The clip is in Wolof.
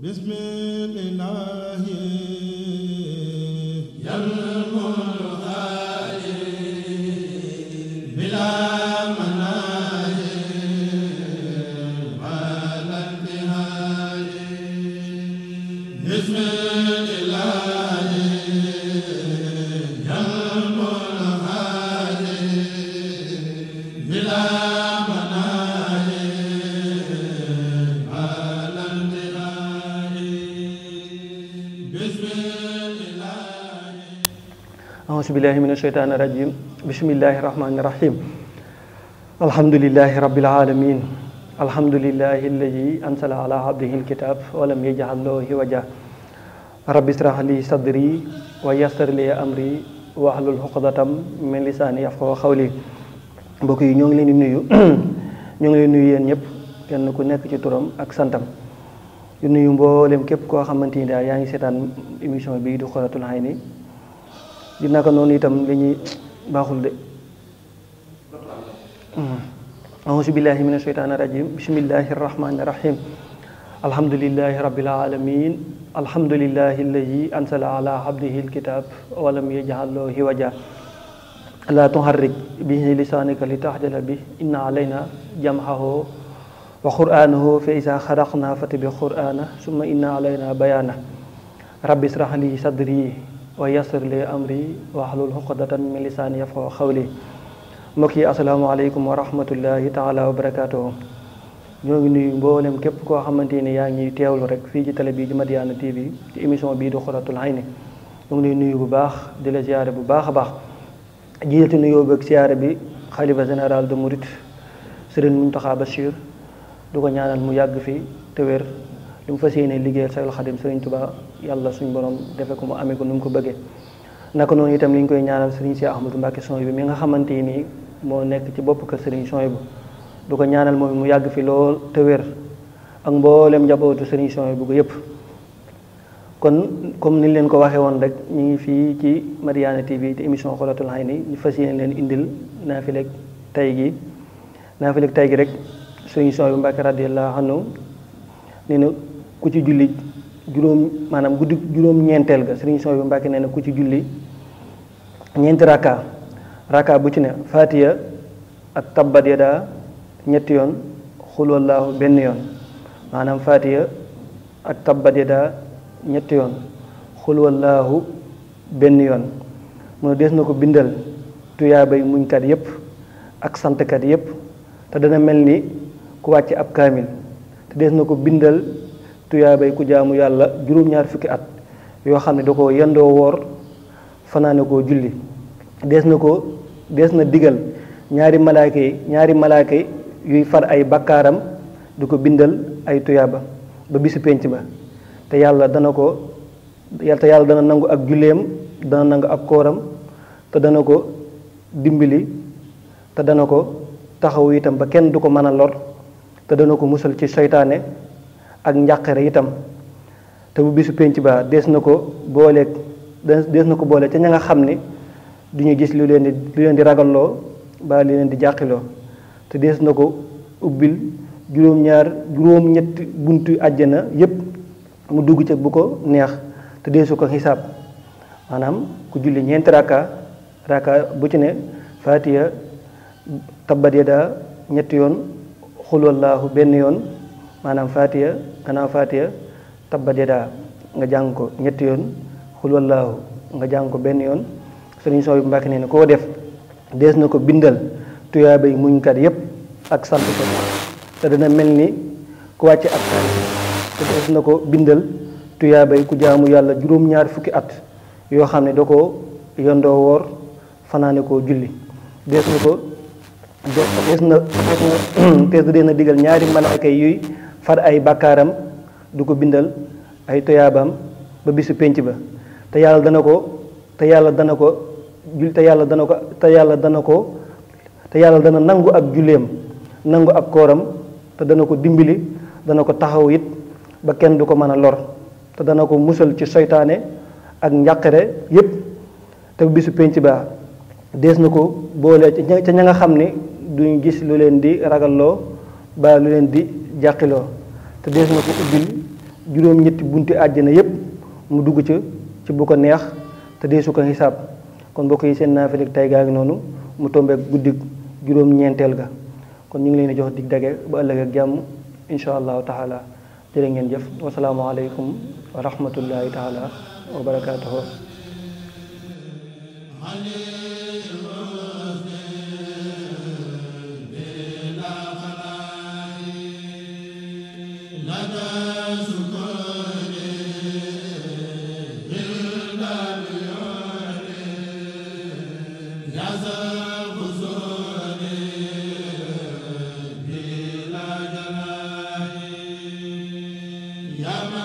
Bismillah أعوذ بالله من الشيطان الرجيم بسم الله الرحمن الرحيم الحمد لله رب العالمين الحمد لله الذي أنزل على عبده الكتاب ولم يجعل له وجه رب اشرح لي صدري ويسر لي أمري واحلل عقدة من لساني يفقهوا قولي mbokk yi ñoo ngi leen di nuyu ñoo ngi leen nuyu yéen ñëpp kenn ku nekk ci turam ak santam di nuyu mboolem képp koo xamante ni daal yaa di naka noonu itam li ñuy baaxul de أعوذ بالله من الشيطان الرجيم بسم الله الرحمن الرحيم الحمد لله رب العالمين الحمد لله الذي أنزل على عبده الكتاب ولم يجعل له وجا لا تحرك به لسانك لتحجل به إن علينا جمعه وقرآنه فإذا خرقنا فتبع قرآنه ثم إن علينا بيانه رب اشرح لي صدري ويسر لي أمري واحلل عقدة من lisaani yafqahu qawli mbokk yi asalaamaaleykum wa rahmatullahi taala wa barakaatuhu ñoo ngi nuyu mboolem képp koo xamante ni yaa ngi teewlu rek fii ci télé bii di Madiyana TV ci émission bii di Xuratul Hayni ñu ngi lay nuyu bu baax di la ziare bu baax a baax jiite nuyoo beeg ziare bi xalifa général de Mouride Serigne Mountakha Bachir du ko ñaanal mu yàgg fi te wér li mu fas yéene liggéeyal Seexul Xadim Sëriñ Tuba yàlla suñ borom defe ko mu amee ko nu mu ko bëggee naka noonu itam li ñu koy ñaanal Sëriñ si Ahmadou Mbàkke Sonhibou bi mi nga xamante nii moo nekk ci bopp kër Sëriñ Sonhibou du ko ñaanal moom mu yàgg fi lool te wér ak mboolem njabootu Sëriñ Sonhibou bu yëpp kon comme niñ leen ko waxee woon rek ñu ngi fii ci Madiyana TV te émission Xulatul Hayni ñu fas yéene leen indil naafileeg tay gi naafileeg tay gi rek Sëriñ Sonhibou Mbàkke radiyallahu anhu ni ku ci julli juróom maanaam guddi juróom ñeenteel ga sëriñ Sow bi Mbàkke nee na ku ci julli ñeenti rakka rakka bu ci ne fatiya ak tabbat yada ñetti yoon xulwallaahu benn yoon maanaam fatiya ak tabbat yada ñetti yoon xulwallaahu benn yoon mu ne des na ko bindal tuyaabay muñkat yépp ak santkat yépp te dana mel ni ku wàcc ab kaamil te des na ko bindal tuyaabay ku jaamu yàlla juróom-ñaar fukki at yoo xam ne da ko yendoo woor fanaane koo julli des na ko na digal ñaari malaaka yi ñaari malaaka yi yuy far ay bakkaaram di bindal ay tuyaaba ba bisu penc ba te yàlla dana ko te yàlla dana nangu ak julleem dana nangu ak kooram te dana ko dimbali te dana ko taxaw itam ba kenn du ko lor te dana musal ci seytaane ak njàqare itam te bu bisu pénc ba des na ko booleeg des des na ko boole ca ña nga xam ne du ñu gis lu leen di lu leen di ragalloo ba lu leen di jàqiloo te des na ko ubbil juróom-ñaar juróom-ñetti buntu àjjana yépp mu dugg ca bu ko neex te desu ko xisaab maanaam ku julli ñeenti raka raka bu ci ne fatiya tabbat yadaa ñetti yoon xulwallaahu benn yoon manam fatia kana fatia tabbat yadaa nga janko ñet yon yoon xul nga janko ben yon yoon sëriñ sooy mbàkk nee def des def ya dees na ko bindal tuyaabay yep ak sant ko te dana mel ni ya ku wàcce ak te dees bindal tuyaabay ku jaamu yalla juróom-ñaar fukki at yo xamne ne yondo ko fanane ko julli des nako ko te du dee na digal ñaari malaaka yuy far ay bàkkaaram du ko bindal ay toyaabaam ba bisu pénc ba te yàlla dana ko te yàlla dana ko te yàlla dana ko te yàlla dana ko te yàlla dana nangu ak julleem nangu ak kooram te dana ko dimbali dana ko taxaw it ba kenn du ko mën a lor te dana ko musal ci soytaane ak njàqare yépp te bisu pénc ba dees na ko boole ci ca ña nga xam ni duñ gis lu leen di ragalloo ba lu leen di jàqiloo te dees na ko ubbil juróom-ñetti bunti àjjana yépp mu dugg ca ci bu ko neex te deesu ko xisaab kon mbokk yi seen naafilig tey gaa ngi noonu mu tombeek guddig juróom-ñeenteel ga kon ñu ngi leen di jox dig dage ba ëllëg ak jàmm insha allahu taala jërë ngeen jëf wasalaamu aleykum wa rahmatullahi taala Yama.